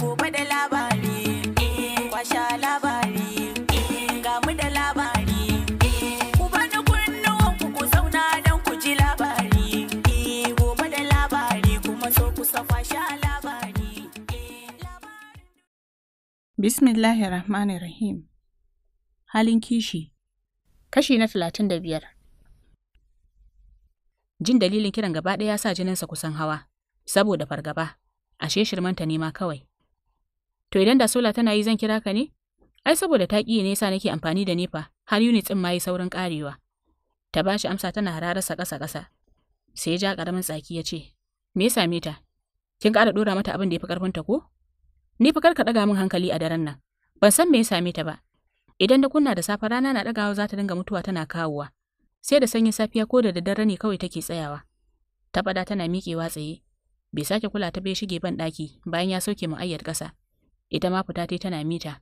gobe da labari eh, kwasha labari eh, ga mu da labari eh, ku bani kunnuwan ku ku zauna don ku ji labari gobe da labari kuma so ku sa kwasha labari bismillahir rahmanir rahim halin kishi kashi na talatin da biyar jin dalilin kiran gaba ɗaya ya sa jininsa kusan hawa saboda fargaba ashe shirmanta nema kawai To idan da sola tana yi zan kira ka ne? Ai saboda ta ƙi ne nake amfani da nefa, har unit ɗin ma yi saurin ƙarewa. Ta bashi amsa tana hararsa ƙasa-ƙasa. Sai ya ja ƙaramin tsaki ya ce, Me ya same ta? Kin ƙara ɗora mata abin da ya fi ƙarfinta ko? Ni fa karka ɗaga min hankali a daren nan. Ban san me ya same ta ba. Idan da kunna da safe rana na ɗagawa za ta dinga mutuwa tana kawowa. Sai da sanyin safiya ko da daddare ne kawai take tsayawa. Ta fada tana miƙewa tsaye. Bai sake kula ta bai shige ban ɗaki bayan ya soke mu ayyar ƙasa. ita ma fita tai tana mita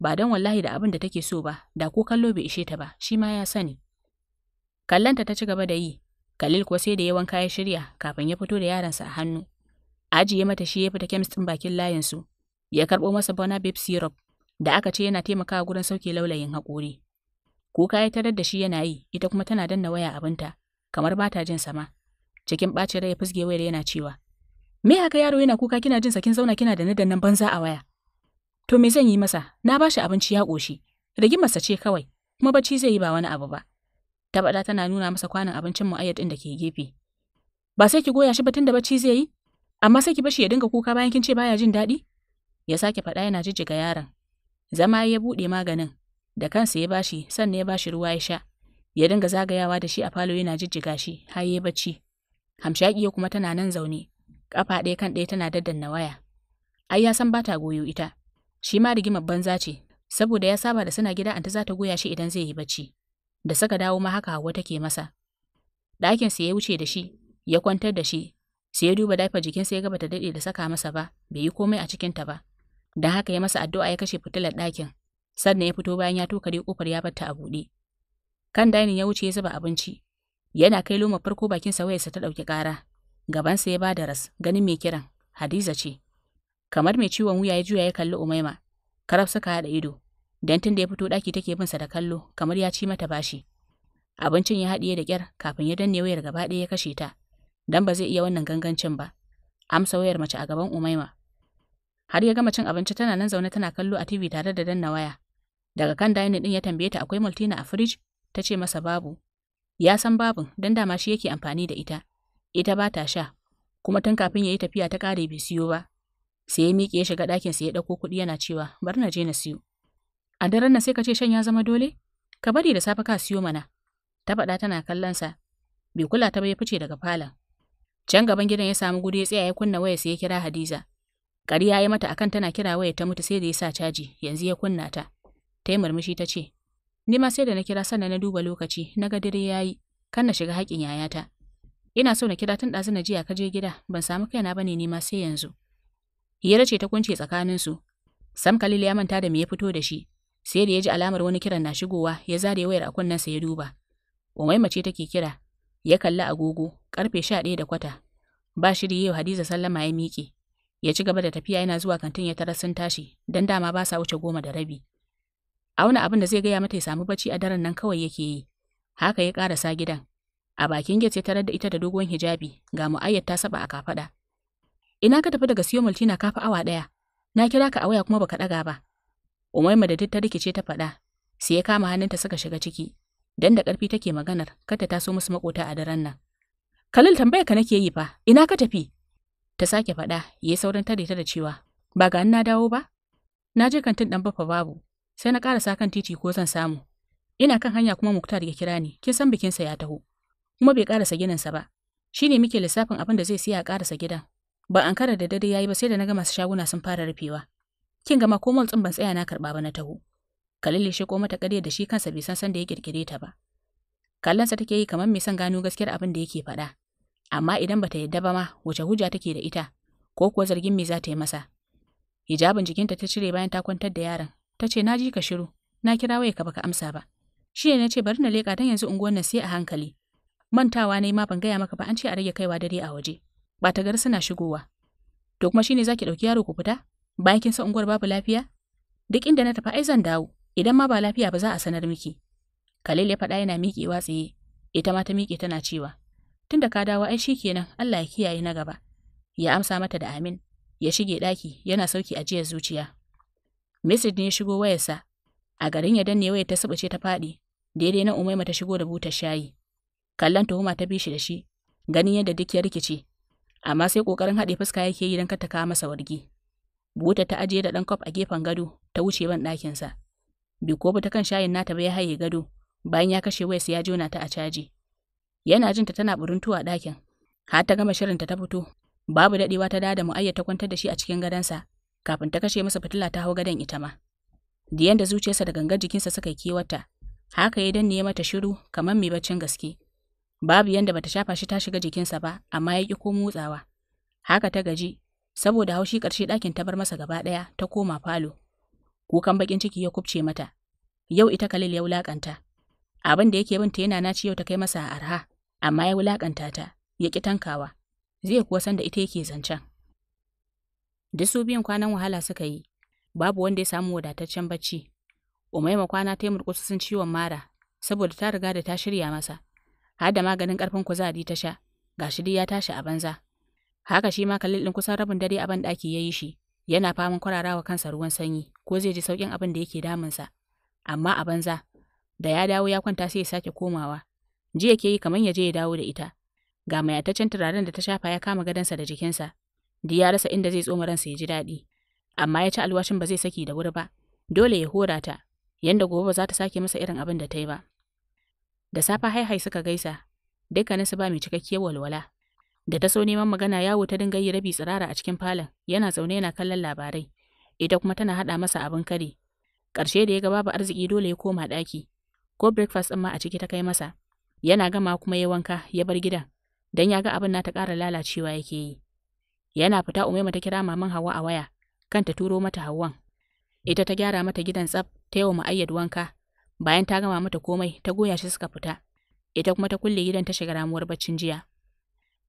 ba don wallahi da abin da take so ba da ko kallo bai ishe ta ba shi ma ya sani kallanta ta ci gaba da yi Khalil kuwa sai da ya wanka ya shirya kafin ya fito da yaransa a hannu ajiye mata shi ya fita kemis din bakin layin ya karbo masa bona babe syrup da aka ce yana taimakawa gurin sauke laulayin haƙori kuka ya tarar da shi yana yi ita kuma tana danna waya abinta kamar ba ta jin sama cikin ɓacin rai ya fusge wayar yana cewa me haka yaro yana kuka kina jin sa kin zauna kina da nadannan banza a waya To me zan yi masa? Na bashi abinci ya ƙoshi. Rigimarsa ce kawai, kuma bacci zai yi ba wani abu ba. Ta tana nuna masa kwanon abincin mu'ayyad ɗin da ke gefe. Ba sai ki goya shi ba tun da bacci zai yi? Amma sai ki bashi ya dinga kuka bayan kin ce baya jin daɗi? Ya sake faɗa yana jijjiga yaron. Zama ya buɗe maganin, da kansa ya bashi sannan ya bashi ruwa ya sha. Ya dinga zagayawa da shi a falo yana jijjiga shi har ya bacci. Hamshaƙiya kuma tana nan zaune, ƙafa ɗaya kan ɗaya tana daddanna waya. Ai ya san ba ta goyo ita, Shi ma rigimar banza ce, saboda ya saba da suna gida anta za ta goya shi idan zai yi bacci. Da saka dawo ma haka Hauwa take masa. Ɗakin sa ya wuce da shi, ya kwantar da shi, sai ya duba dafa jikinsa ya gaba ta daɗe da saka masa ba, bai yi komai a cikinta ba. Don haka ya masa addu'a ya kashe fitilar ɗakin, sannan ya fito bayan ya tokare kofar ya ta a buɗe. Kan dainin ya wuce ya zuba abinci. Yana kai loma farko bakin sa wayarsa ta ɗauki ƙara. Gabansa ya ba da ras, ganin mai kiran, Hadiza ce. Kamar mai ciwon wuya ya juya ya kalli Umaima. Karab suka haɗa ido, dan tun da ya fito ɗaki take bin sa da kallo kamar ya ci mata bashi. Abincin ya haɗiye da ƙyar kafin ya danne wayar gaba ɗaya ya kashe ta, dan ba zai iya wannan gangancin ba. Amsa wayar mace a gaban Umaima. Har ya gama cin abinci tana nan zaune tana kallo a TV tare da danna waya. Daga kan dining din ya tambaye ta akwai Maltina a fridge, ta ce masa babu. Ya san babin, dan dama shi yake amfani da ita. Ita ba ta sha, kuma tun kafin ya yi tafiya ta kare bai siyo ba, sai ya miƙe ya shiga ɗakin sai ya ɗauko kuɗi yana cewa bari na je na siyo a daren nan sai ka ce shan ya zama dole ka bari da safe ka siyo mana ta faɗa tana kallon sa bai kula ta ba ya fice daga falon can gaban gidan ya samu gudu ya tsaya ya kunna waya sai ya kira Hadiza ƙarya ya mata akan tana kira waya ta mutu sai da ya sa caji yanzu ya kunna ta ta yi murmushi ta ce ni ma sai da na kira sannan na duba lokaci na ga dare yayi kan na shiga haƙin yayata ina so na kira tun ɗazu na jiya ka je gida ban samu kaina bane ni ma sai yanzu Hira ce ta kunce tsakaninsu. Sam Khalil ya manta da me ya fito da shi, sai da ya ji alamar wani kiran na shigowa ya zare wayar a kunnensa ya duba. Umai mace take kira, ya kalli agogo, karfe sha ɗaya da kwata. Ba shiri yau Hadiza sallama ya miƙe. Ya ci gaba da tafiya yana zuwa kantin ya tarar sun tashi, dan dama ba sa wuce goma da rabi. Auna abin da zai gaya mata ya samu bacci a daren nan kawai yake yi. Haka ya ƙarasa gidan. A bakin gate ya tarar da ita da dogon hijabi, ga mu'ayyar ta saba a kafaɗa. Ina ka tafi daga siyo multina kafa awa ɗaya. Na kira ka a waya kuma baka ɗaga ba. Umaima da ta rikice ta faɗa. Sai ya kama hannunta suka shiga ciki. Dan da ƙarfi take maganar, kar ta so musu makota a daren nan. Kalil tambaya ka nake yi fa, ina ka tafi? Ta sake faɗa, yayi sauran tare ta da cewa, ba ga na dawo ba? Na je kantin ɗan bafa babu, sai na ƙarasa kan titi ko zan samu. Ina kan hanya kuma Muktar ya kira ni, kin san bikinsa ya taho. Kuma bai ƙarasa sa ba. Shi ne muke lissafin abin da zai siya a ƙarasa gidan, Ba an kara da dare yayi ba sai da naga ga masu shaguna sun fara rufewa. Kin gama ko mol ban tsaya na karba ba na taho. kalile shi ko mata kare da shi kansa bai san san da ya kirkire ta ba. Kallansa take yi kamar mai san gano gaskiyar abin da yake faɗa. Amma idan bata yadda ba ma wace hujja take da ita ko kuwa zargin me za ta yi masa. Hijabin jikinta ta cire bayan ta kwantar da yaron. Ta ce na ji ka shiru, na kira waye ka baka amsa ba. Shi ne nace bari na leka dan yanzu unguwar nan sai a hankali. Mantawa ne ma ban gaya maka ba an ce a rage kaiwa dare a waje. ba ta gar suna shigowa. To kuma shine zaki ɗauki yaro ku fita? Bayan kin san unguwar babu lafiya? Duk inda na tafi ai zan dawo, idan ma ba lafiya ba za a sanar miki. Khalil ya faɗa yana wa tsaye, ita ma ta miƙe tana cewa, Tunda ka dawo ai shikenan Allah ya kiyaye na gaba. Ya amsa mata da amin, ya shige daki yana sauki ajiyar zuciya. Message ne ya shigo wayarsa, a garin ya danne wayar ta subuce ta faɗi, daidai na Umaima ta shigo da butar shayi. Kallon tuhuma ta bi shi da shi, ganin yadda duk ya rikice, amma sai kokarin haɗe fuska yake yi don kar ta kawo masa wargi. Buta ta ajiye da ɗan kwaf a gefen gado ta wuce ban ɗakinsa. Bikobu ta kan shayin nata bai haye gado bayan ya kashe wayarsa ya jona ta a caji. Yana jin ta tana buruntuwa ɗakin. Har ta gama shirinta ta fito. Babu daɗewa ta dada mu'ayya ta kwantar da shi a cikin sa, kafin ta kashe masa fitila ta hau gadon ita ma. Diyan da zuciyarsa da gangar jikinsa suka yi kewata. Haka ya danne mata shiru kamar mai baccin gaske. Babu yanda bata shafa shi ta shiga jikinsa ba, amma ya ƙi ko motsawa. Haka ta gaji, saboda haushi ƙarshe ɗakin ta bar masa gaba ɗaya ta koma falo. Kukan baƙin ciki ya kubce mata. Yau ita kalil ya wulaƙanta. Abin da yake binta yana naci yau ta kai masa a arha, amma ya wulaƙanta ta, ya ƙi tankawa. Zai kuwa san da ita yake zancen. Duk su biyan kwanan wahala suka yi, babu wanda ya samu wadataccen bacci. Umaima kwana ta yi sun ciwon mara, saboda ta riga da ta shirya masa. har da maganin ƙarfin kuzari ta sha, ga shi ya tashi a banza. Haka shi ma Khalil ɗin kusan rabin dare a banɗaki ya yi shi, yana faman kwararawa kansa ruwan sanyi, ko zai ji sauƙin abin da yake damunsa. Amma a banza, da ya dawo ya kwanta sai ya sake komawa. Jiya yake yi kamar ya je ya dawo da ita. Ga mayataccen turaren da ta shafa ya kama gadonsa da jikinsa. Da ya rasa inda zai tsoma ransa ya ji daɗi. Amma ya ci alwashin ba zai saki da wuri ba. Dole ya hora ta, yanda gobe ba za ta sake masa irin abin da ta yi ba. Da safe haihai suka gaisa, dukkanin su ba mai cikakkiyar walwala. Da ta so neman magana yawo ta dinga yi rabi tsirara a cikin falon, yana zaune yana kallon labarai, ita kuma tana haɗa masa abin kare. Ƙarshe da ya ga babu arziki dole ya koma ɗaki, ko breakfast ɗin ma a ciki ta kai masa. Yana gama kuma ya wanka ya bar gidan, dan ya ga abin na ta ƙara lalacewa yake yi. Yana fita Umaima ta kira maman Hauwa a waya, kan ta turo mata Hauwan. Ita ta gyara mata gidan tsaf, ta yi wa ma'ayyad wanka, Bayan ta gama mata komai, ta goya shi suka fita. Ita kuma ta kulle gidan ta shiga ramuwar baccin jiya.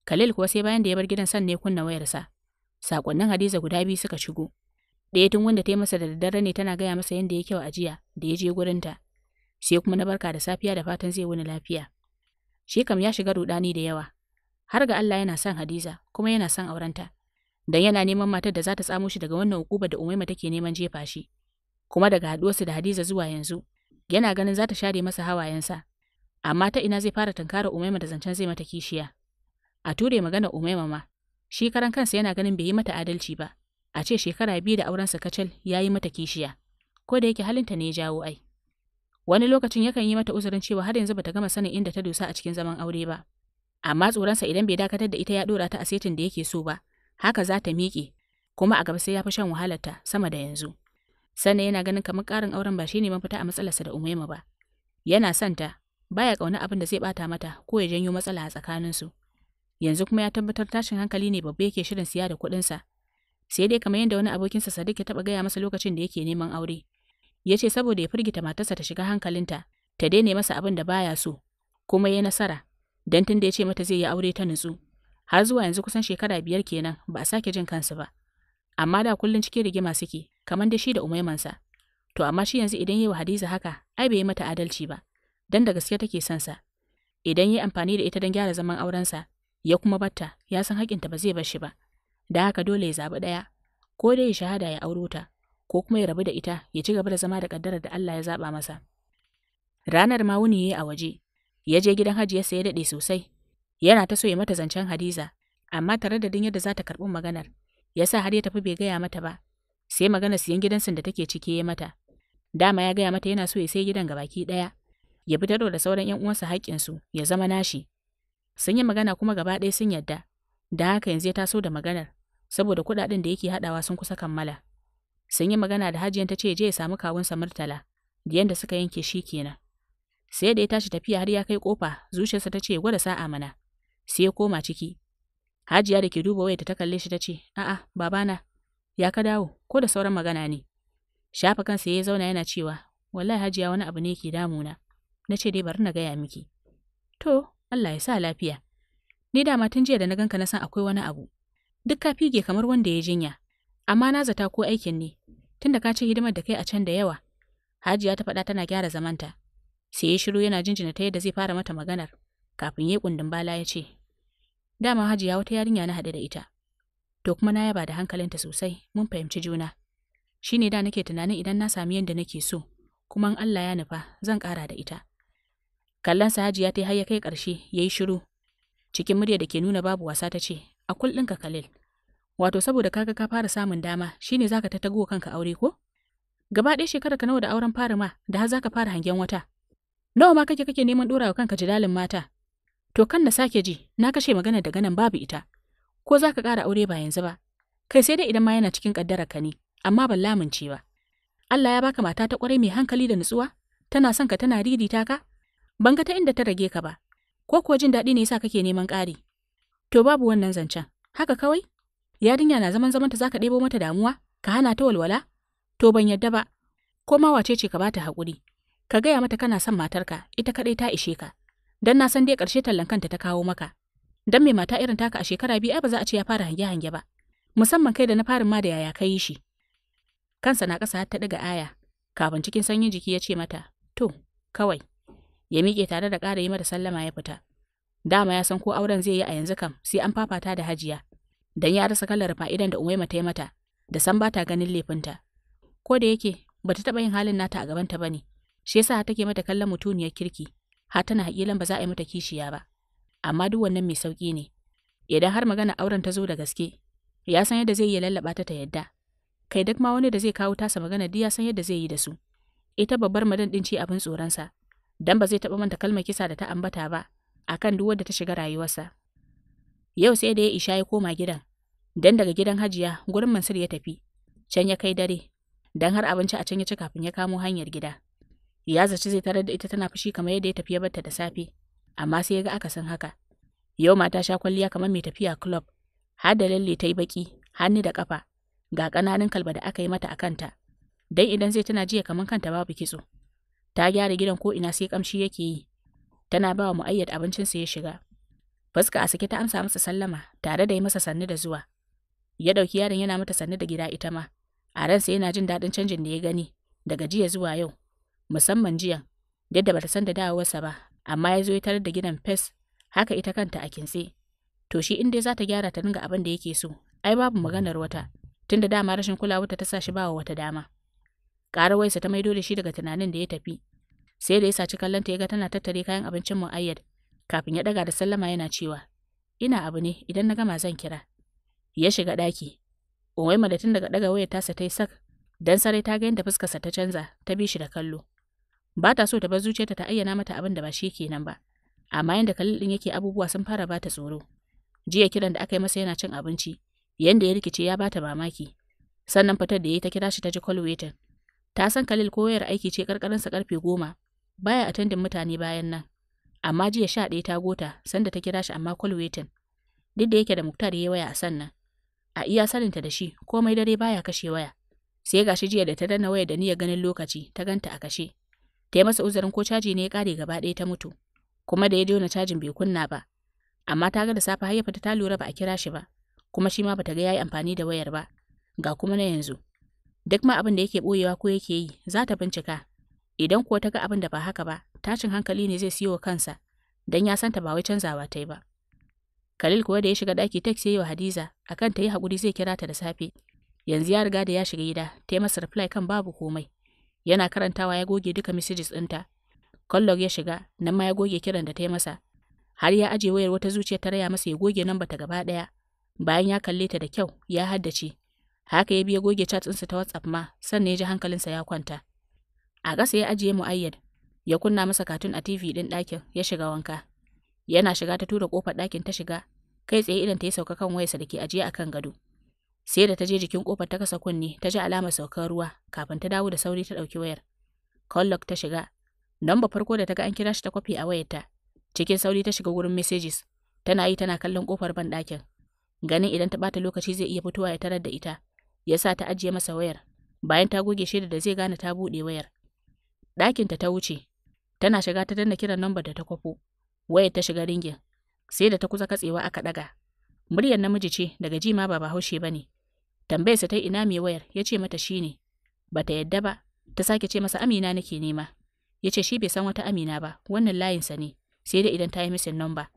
Khalil kuwa sai bayan da ya bar gidan san ne kunna wayarsa. Sakonnin Hadiza guda biyu suka shigo. Ɗaya tun wanda ta yi masa da daddare ne tana gaya masa yadda ya kyau a jiya da ya je gurin ta Sai kuma na barka da safiya da fatan zai wuni lafiya. Shi kam ya shiga rudani da yawa. Har ga Allah yana son Hadiza kuma yana son aurenta. Dan yana neman matar da za ta tsamo shi daga wannan hukuma da Umaima take neman jefa shi. Kuma daga haɗuwarsu da Hadiza zuwa yanzu, yana ganin za ta share masa hawayensa. Amma ta ina zai fara tunkara Umaima da zancen zai mata kishiya. A ture magana Umaima ma, shi karan kansa yana ganin bai yi mata adalci ba. A ce shekara biyu da aurensa kacal ya yi mata kishiya. Ko da yake halinta ne ya jawo ai. Wani lokacin yakan yi mata uzurin cewa har yanzu bata gama sanin inda ta dosa a cikin zaman aure ba. Amma tsoron sa idan bai dakatar da ita ya dora ta a setin da yake so ba, haka za ta miƙe, kuma a gaba sai ya fi shan wahalarta sama da yanzu. sani yana ganin kamar ƙarin auren ba shi ne mafita a matsalarsa da umema ba. Yana santa baya ƙauna abin da zai bata mata ko ya janyo matsala a tsakaninsu. Yanzu kuma ya tabbatar tashin hankali ne babba yake shirin siya da kuɗinsa. Sai dai kamar yadda wani abokinsa Sadiq ya taɓa gaya masa lokacin da yake neman aure. Ya ce saboda ya firgita matarsa ta shiga hankalinta, ta daina masa abin da baya so, kuma ya nasara, dan tun da ya ce mata zai yi aure ta nutsu. Har zuwa yanzu kusan shekara biyar kenan ba a sake jin kansu ba. Amma da kullum cikin rigima suke, kamar da shi da umaimansa. To amma shi yanzu idan yi wa Hadiza haka, ai bai yi mata adalci ba, dan da gaske take son sa. Idan yi amfani da ita don gyara zaman aurensa, ya kuma batta, ya san haƙinta ba zai bar shi ba. Da haka dole ya zaɓi ɗaya, ko dai ya shahada ya auro ta, ko kuma ya rabu da ita ya ci gaba da zama da ƙaddarar da Allah ya zaɓa masa. Ranar ma wuni ya yi a waje, ya je gidan sai ya daɗe sosai, yana ta so ya mata zancen Hadiza, amma tare da din yadda za ta karɓi maganar, ya sa har ya tafi bai gaya mata ba, sai magana siyan gidansu da take ciki ya mata dama ya gaya mata yana so ya sai gidan gabaki ɗaya ya fitar da sauran yan uwansa haƙƙinsu ya zama nashi sun yi magana kuma gaba ɗaya sun yadda da haka yanzu ya taso da maganar saboda kuɗaɗen da yake haɗawa sun kusa kammala sun yi magana da hajiyan ta ce je ya samu kawunsa murtala da yadda suka yanke shi kenan sai da ya tashi tafiya har ya kai kofa zuciyarsa ta ce gwada sa'a mana sai ya koma ciki hajiya da ke duba wayarta ta kalle shi ta ce a'a babana Ya ka dawo, ko da sauran magana ne. Shafa kansa ya zauna yana cewa, wallahi hajiya wani abu ne ke damuna. Na ce dai bari na gaya miki. To, Allah ya sa lafiya. Ni dama tun jiya da na ganka na san akwai wani abu. Duk ka fige kamar wanda ya jinya. Amma na zata ko aikin ne, tunda ka ce hidimar da kai a can da yawa. Hajiya ta faɗa tana gyara zamanta. Sai ya shiru yana jinjina ta yadda zai fara mata maganar, kafin ya kundin bala ya ce, Dama Hajiya wata yarinya na haɗe da ita, to kuma na yaba da hankalinta sosai mun fahimci juna shi ne da nake tunanin idan na sami yadda nake so kuma in Allah ya nufa zan ƙara da ita kallon Hajiya ta yi ya kai ƙarshe ya yi shiru cikin murya da ke nuna babu wasa ta ce a ka kalil wato saboda kaga ka fara samun dama shine za ka tago kanka aure ko gaba ɗaya shekara ka nawa da auren fara ma da har ka fara hangen wata nawa ma kake kake neman ɗora wa kanka jidalin mata to kan na sake ji na kashe magana daga nan babu ita ko za ka ƙara aure ba yanzu ba, kai sai dai idan ma yana cikin ƙaddarar ka ne, amma ban lamince ba. Allah ya baka mata ta ƙwarai mai hankali da nutsuwa, tana son ka tana ririta ka, ban ga ta inda ta rage ka ba, ko kuwa jin daɗi ne yasa kake neman ƙari. To babu wannan zancen, haka kawai? Yarinya na zaman zamanta za ka ɗebo mata damuwa, ka hana ta walwala? To ban yadda ba, ko ma wace ce ka bata haƙuri. Ka gaya mata kana son matarka, ita kaɗai ta ishe ka. Dan na san dai karshe tallan kanta ta kawo maka. Dan mai mata irin taka a shekara biyu ai ba za a ce ya fara hange-hange ba. Musamman kai da na farin ma da yaya ka yi shi. Kansa na kasa har ta daga aya, kafin cikin sanyin jiki ya ce mata, To, kawai, ya miƙe tare da ƙara yi mata sallama ya fita. Dama ya san ko auren zai yi a yanzu kam sai an fafata da hajiya, dan ya rasa kalar fa'idan da Umaima ta yi mata, da san ba ta ganin laifinta. Ko da yake, bata ta taɓa yin halin nata a gabanta ba ne, shi yasa take mata kallon mutuniyar kirki, har tana haƙilan ba za a yi mata kishiya ba. amma duk wannan mai sauƙi ne. Idan har magana auren ta zo da gaske, ya san yadda zai iya lallaɓa ta ta yadda. Kai duk ma wani da zai kawo tasa magana duk ya san yadda zai yi da su. Ita babbar madan din ce abin tsoronsa, dan ba zai taɓa manta kalmar kisa da ta ambata ba, akan duk wanda ta shiga rayuwarsa. Yau sai da ya isha ya koma gidan, dan daga gidan hajiya gurin Mansur ya tafi, can ya kai dare, dan har abinci a can ya ci kafin ya kamo hanyar gida. Ya zaci zai tarar da ita tana fushi kamar yadda ya tafi ya barta da safe. amma sai ya ga akasin haka. Yau mata sha kwalliya kamar mai tafiya club, har da lalle ta yi baki, hannu da ƙafa, ga ƙananan kalba da aka yi mata a kanta, don idan zai tana jiya kamar kanta babu kitso. Ta gyara gidan ko ina sai ƙamshi yake yi, tana ba wa mu'ayyad abincinsa ya shiga. Fuska a sake ta amsa masa sallama tare da yi masa sannu da zuwa. Ya ɗauki yaron yana mata sannu da gida ita ma, a ransa yana jin daɗin canjin da ya gani daga jiya zuwa yau, musamman jiyan, yadda bata san da dawowarsa ba amma ya zo ya tarar da gidan fes haka ita kanta a kintse. To shi in dai za ta gyara ta dinga abin da yake so, ai babu maganar wata, tunda dama rashin kulawarta ta sa shi bawa wata dama. waisa ta maido da shi daga tunanin da ya tafi, sai da ya saci kallonta ya ga tana tattare kayan abincin ayyad. kafin ya daga da sallama yana cewa, Ina abu ne idan na gama zan kira. Ya shiga ɗaki, Umaima da tun daga ɗaga wayar tasa ta yi sak, dan sarai ta ga yadda fuskarsa ta canza, ta bi shi da kallo. ba ta so ta bar zuciyarta ta ayyana mata abin da ba shi kenan ba amma yanda Khalil din yake abubuwa sun fara bata tsoro jiya kiran da aka yi masa yana cin abinci yanda ya rikice ya bata mamaki sannan fitar da yayi ta kira shi ta ji call waiting ta san Khalil koyar aiki ce karkarin sa karfe goma baya attending mutane bayan nan amma jiya sha ɗaya ta gota sanda ta kira shi amma call waiting duk da yake da Muktar yayi waya a sannan a iya saninta da shi komai dare baya kashe waya sai gashi jiya da ta danna waya da niyyar ganin lokaci ta ganta a kashe Ta yi masa uzurin ko caji ne ya kare gaba ɗaya ta mutu, kuma da ya na cajin bai kunna ba. Amma ta ga da safe har ya fita ta lura ba a kira shi ba, kuma shi ma bata ga yayi amfani da wayar ba, ga kuma na yanzu. Duk ma abin da yake boyewa ko yake yi, za ta bincika. Idan kuwa ta ga abin da ba haka ba, tashin hankali ne zai siyo kansa, dan ya san ta ba wai canzawa ta yi ba. Khalil kuwa da ya shiga daki taxi yayi wa Hadiza akan ta yi hakuri zai kira ta da safe. Yanzu ya riga da ya shiga gida, ta yi masa reply kan babu komai. Yana karantawa ya goge duka messages ɗinta. Collog ya shiga, nan ma ya goge kiran da ta yi masa. Har ya aje wayar wata zuciya ta raya masa ya goge nan bata gaba ɗaya. Bayan ya kalle ta da kyau, ya haddace. Haka ya biya goge chat ɗinsa ta WhatsApp ma, sannan ya ji hankalinsa ya kwanta. A ƙasa ya ajiye Mu'ayyad, ya kunna masa katun a TV ɗin ɗakin, ya shiga wanka. Yana shiga ta tura ƙofar ɗakin ta shiga, kai tsaye idan ta yi sauka kan wayarsa da ke ajiye a kan gado. sai da ta je jikin kofar ta kasa kunne ta ji alamar saukar ruwa kafin ta dawo da sauri ta ɗauki wayar Collock ta shiga lamba farko da ta ga an kira shi ta kwafi a wayarta cikin sauri ta shiga wurin messages tana yi tana kallon kofar ban dakin ganin idan ta bata lokaci zai iya fitowa ya tarar da ita yasa ta ajiye masa wayar bayan ta goge shaida da zai gane ta bude wayar ɗakinta ta wuce tana shiga ta danna kiran lambar da ta kwafo wayar ta shiga ringin sai da ta kusa katsewa aka ɗaga muryar namiji ce daga jima ba bahaushe ba ne Tambayarsa ta ina mai wayar, ya ce mata shi ne. Ba ta yadda ba, ta sake ce masa Amina nake nema. Ya ce shi bai san wata Amina ba, wannan layinsa ne, sai da idan ta yi misin har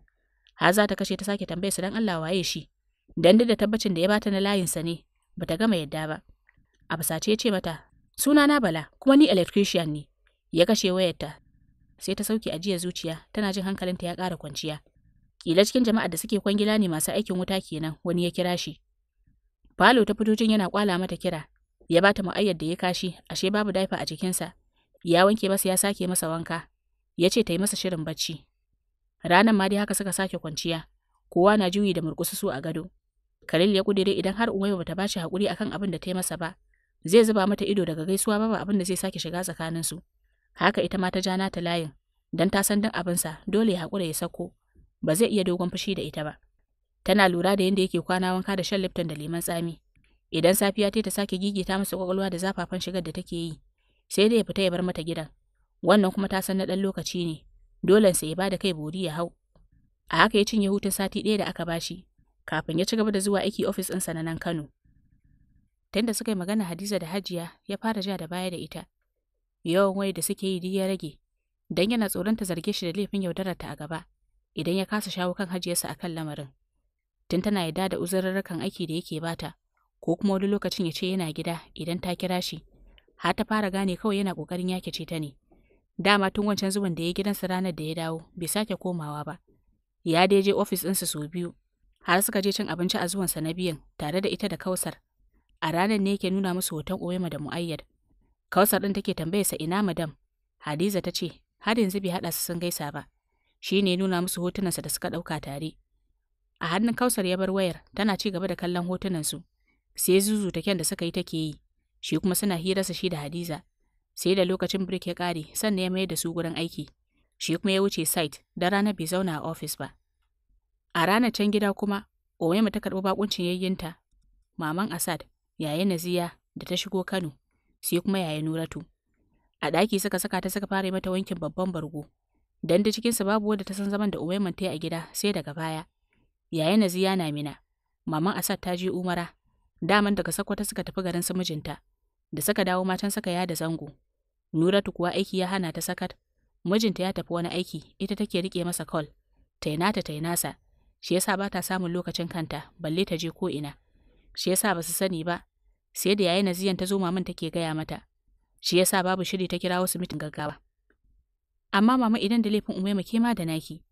Haza ta kashe ta sake tambayarsa don Allah waye shi. Dan da tabbacin da ya bata na layinsa ne, ba ta gama yadda ba. A fasace ya ce mata, sunana Bala, kuma ni electrician ne. Ya kashe wayarta, sai ta sauke ajiya zuciya tana jin hankalinta ya kara kwanciya. Kila cikin jama'a da suke kwangila ne masu aikin wuta kenan wani ya kira shi. Falo ta fito yana kwala mata kira, ya bata mu'ayyar da ya kashi, ashe babu daifa a jikinsa, ya wanke masa ya sake masa wanka, ya ce ta yi masa shirin bacci. Ranan ma dai haka suka sake kwanciya, kowa na juyi da murkususu a gado. Khalil ya kudire idan har Umayya bata ba shi hakuri akan abin da ta yi masa ba, zai zuba mata ido daga gaisuwa babu abin da zai sake shiga tsakaninsu. Haka ita ma ta ja nata layin, Don ta san abin abinsa dole ya haƙura ya sako, ba zai iya dogon fushi da ita ba. Tana lura da yadda yake kwana wanka da shan Lipton da lemon tsami. Idan safiya ta ta sake gigita masa kwakwalwa da zafafan shigar da take yi, sai dai ya fita ya bar mata gidan. Wannan kuma ta san na dan lokaci ne, dole sai ya bada kai bori ya hau. A haka ya cinye hutun sati ɗaya da aka bashi, kafin ya ci gaba da zuwa aiki ofis ɗinsa na nan Kano. Tunda suka yi magana Hadiza da Hajiya ya fara ja da baya da ita. Yawan wai da suke yi duk ya rage, dan yana tsoron ta zarge shi da laifin yaudarar ta a gaba, idan ya kasa shawo kan Hajiyarsa akan lamarin. tun tana yadda da uzurarrakan aiki da yake bata ko kuma wani lokacin ya ce yana gida idan ta kira shi har ta fara gane kawai yana kokarin yake ce ta ne dama tun wancan zuwan da ya gidansa ranar da ya dawo bai sake komawa ba ya dai je ofis ɗinsa sau biyu har suka je cin abinci a zuwansa na biyan tare da ita da kausar a ranar ne yake nuna musu hoton oyema da mu'ayyad kausar ɗin take tambayarsa ina madam hadiza ta ce har yanzu bai haɗa su sun gaisa ba shi ne nuna musu hotunansa da suka ɗauka tare A hannun Kausar ya bar wayar, tana ci gaba da kallon hotunan su. Sai zuzu ta da suka yi take yi, shi kuma suna hirarsa shi da Hadiza. Sai da lokacin break ya kare sannan ya mayar da su gurin aiki. Shi kuma ya wuce site, da rana bai zauna a ofis ba. A ranar can gida kuma, Owaima ta karɓi bakuncin yayyinta, maman Asad, yaya Naziya da ta shigo Kano, sai kuma yaya Nuratu. A ɗaki suka saka ta suka fara mata wankin babban bargo. Dan da cikinsu babu wanda ta san zaman da Uwaiman ta yi a gida sai daga baya. Yaya Naziya na mina, maman Asad ta je Umara, daman daga Sakwata suka tafi garin su mijinta, da suka dawo matan saka ya da zango. Nuratu kuwa aiki ya hana ta sakat, mijinta ya tafi wani aiki, ita take rike masa ta tainata tainasa, shi yasa ba ta samun lokacin kanta, balle ta je ko ina. Shi yasa ba su sani ba, sai da yayi Naziyan ta zo maman take gaya mata. Shi yasa babu shiri ta kira wasu mitin gaggawa. Amma mama idan da laifin Umaima ke ma da naki.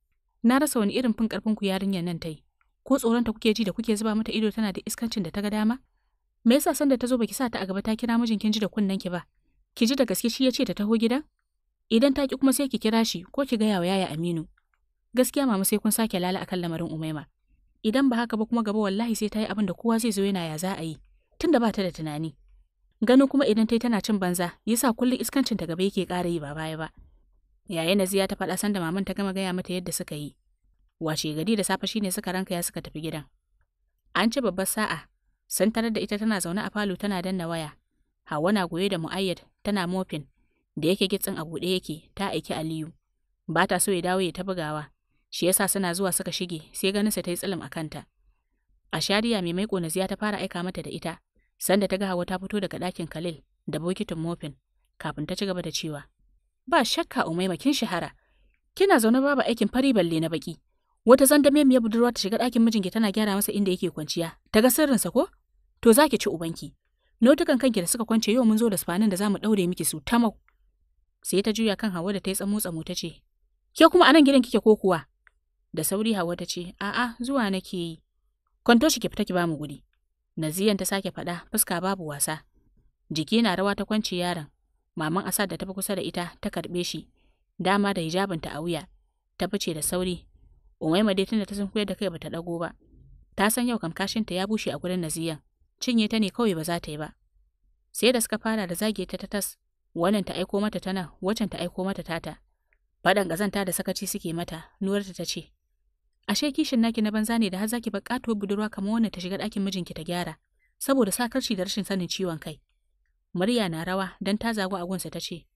Na rasa wani irin fin karfin ku yarinyar nan tai. ko tsoronta kuke ji da kuke zuba mata ido tana da iskancin da ta ga dama me yasa san da ta zo baki sa ta a gaba ta kira mijin kin ji da kunnen ki ba ki ji da gaske shi ya ce ta taho gidan idan ta ki kuma sai ki kira shi ko ki gaya wa yaya Aminu gaskiya mama sai kun sake lala akan lamarin Umaima idan ba haka ba kuma gaba wallahi sai ta yi abin da kowa zai zo yana ya za a yi tunda ba ta da tunani gano kuma idan tai tana cin banza yasa kullum iskancin ta gaba yake ƙara yi ba baya ba yayin Naziya ta faɗa sanda maman ta gama gaya mata yadda suka yi Wace gari da safe shine suka ranka ya suka tafi gidan. An ci babbar sa'a, sun tarar da ita tana zaune a falo tana danna waya. Hawa na goye da Mu'ayyad tana mofin da yake gitsin a buɗe yake ta aiki Aliyu. Ba ta so ya dawo ya ta bugawa. Shi yasa suna zuwa suka shige sai ganinsa ta yi tsilim a kanta. A shariya mai mai ziya ta fara aika mata da ita, sanda ta ga Hawa ta fito daga ɗakin Khalil da bokitin mofin kafin ta ci gaba da cewa. Ba shakka Umaima kin shahara. Kina zaune babu aikin fari balle na baki. Wata ya budurwa ta shiga ɗakin mijinki tana gyara masa inda yake kwanciya. Ta ga sirrinsa ko? To za ki ci ubanki. Notukan kanki da suka kwance yau mun zo da sufanin da za mu ɗaure miki su tamau. Sai ta juya kan hawa da ta yi tsamo tsamo ta ce, Ke kuma anan gidan kike ko kuwa? Da sauri hawa ta ce, A'a zuwa nake yi. Kwanto shi ki fita ki ba mu guri. Naziyan ta sake faɗa fuska babu wasa. Jiki na rawa ta kwance yaron. Maman Asad da ta fi kusa da ita ta karɓe shi. Dama da hijabinta a wuya. Ta fice da sauri Umaima dai tunda ta kuyar da kai bata dago ba. Ta san yau kamkashin ta ya bushe a gurin Naziyan. Cinye ta ne kawai ba za ta yi ba. Sai da suka fara da zage ta ta tas, wannan ta aiko mata tana, wacan ta aiko mata tata. Faɗan ƙazanta da sakaci suke mata, nuwarta ta ce, Ashe kishin naki na banza ne da har zaki bar budurwa kamar wannan ta shiga ɗakin mijinki ta gyara, saboda sakarci da rashin sanin ciwon kai. Murya na rawa don ta zagu agunsa ta ce,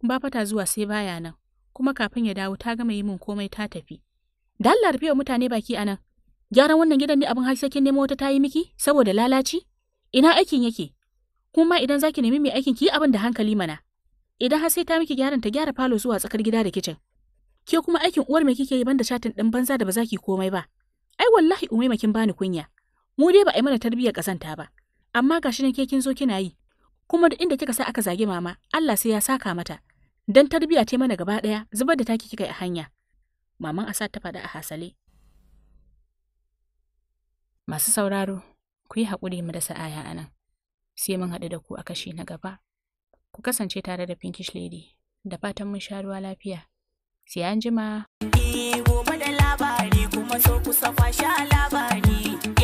Ba fata zuwa sai baya nan, kuma kafin ya dawo ta gama yi min komai ta tafi. Da Allah rufe wa mutane baki a nan Gyaran wannan gidan ne abin har sai kin nemo wata tayi miki saboda lalaci? Ina aikin yake? Kuma idan zaki nemi mai aikin ki abin da hankali mana. Idan har sai ta miki gyaran ta gyara falo zuwa tsakar gida da kicin. Ke kuma aikin uwar mai kike yi banda shatin ɗin banza da ba za ki komai ba? Ai wallahi umaima kin bani kunya. Mu dai ba a yi mana tarbiyyar kasanta ba. Amma gashi nan ke kin zo kina yi. Kuma duk inda kika sa aka zage mama, Allah sai ya saka mata. Dan tarbiyya ce mana gaba ɗaya zubar da taki kika yi a hanya. Maman asa ta faɗa a hasale. Masu sauraro, ku yi hakuri mu dasa aya a nan, sai mun haɗu da ku a kashi na gaba. Ku kasance tare da Pinkish Lady, da fatan mun sha ruwa lafiya. Sai an jima. gobe da labari kuma so kusa sha labari.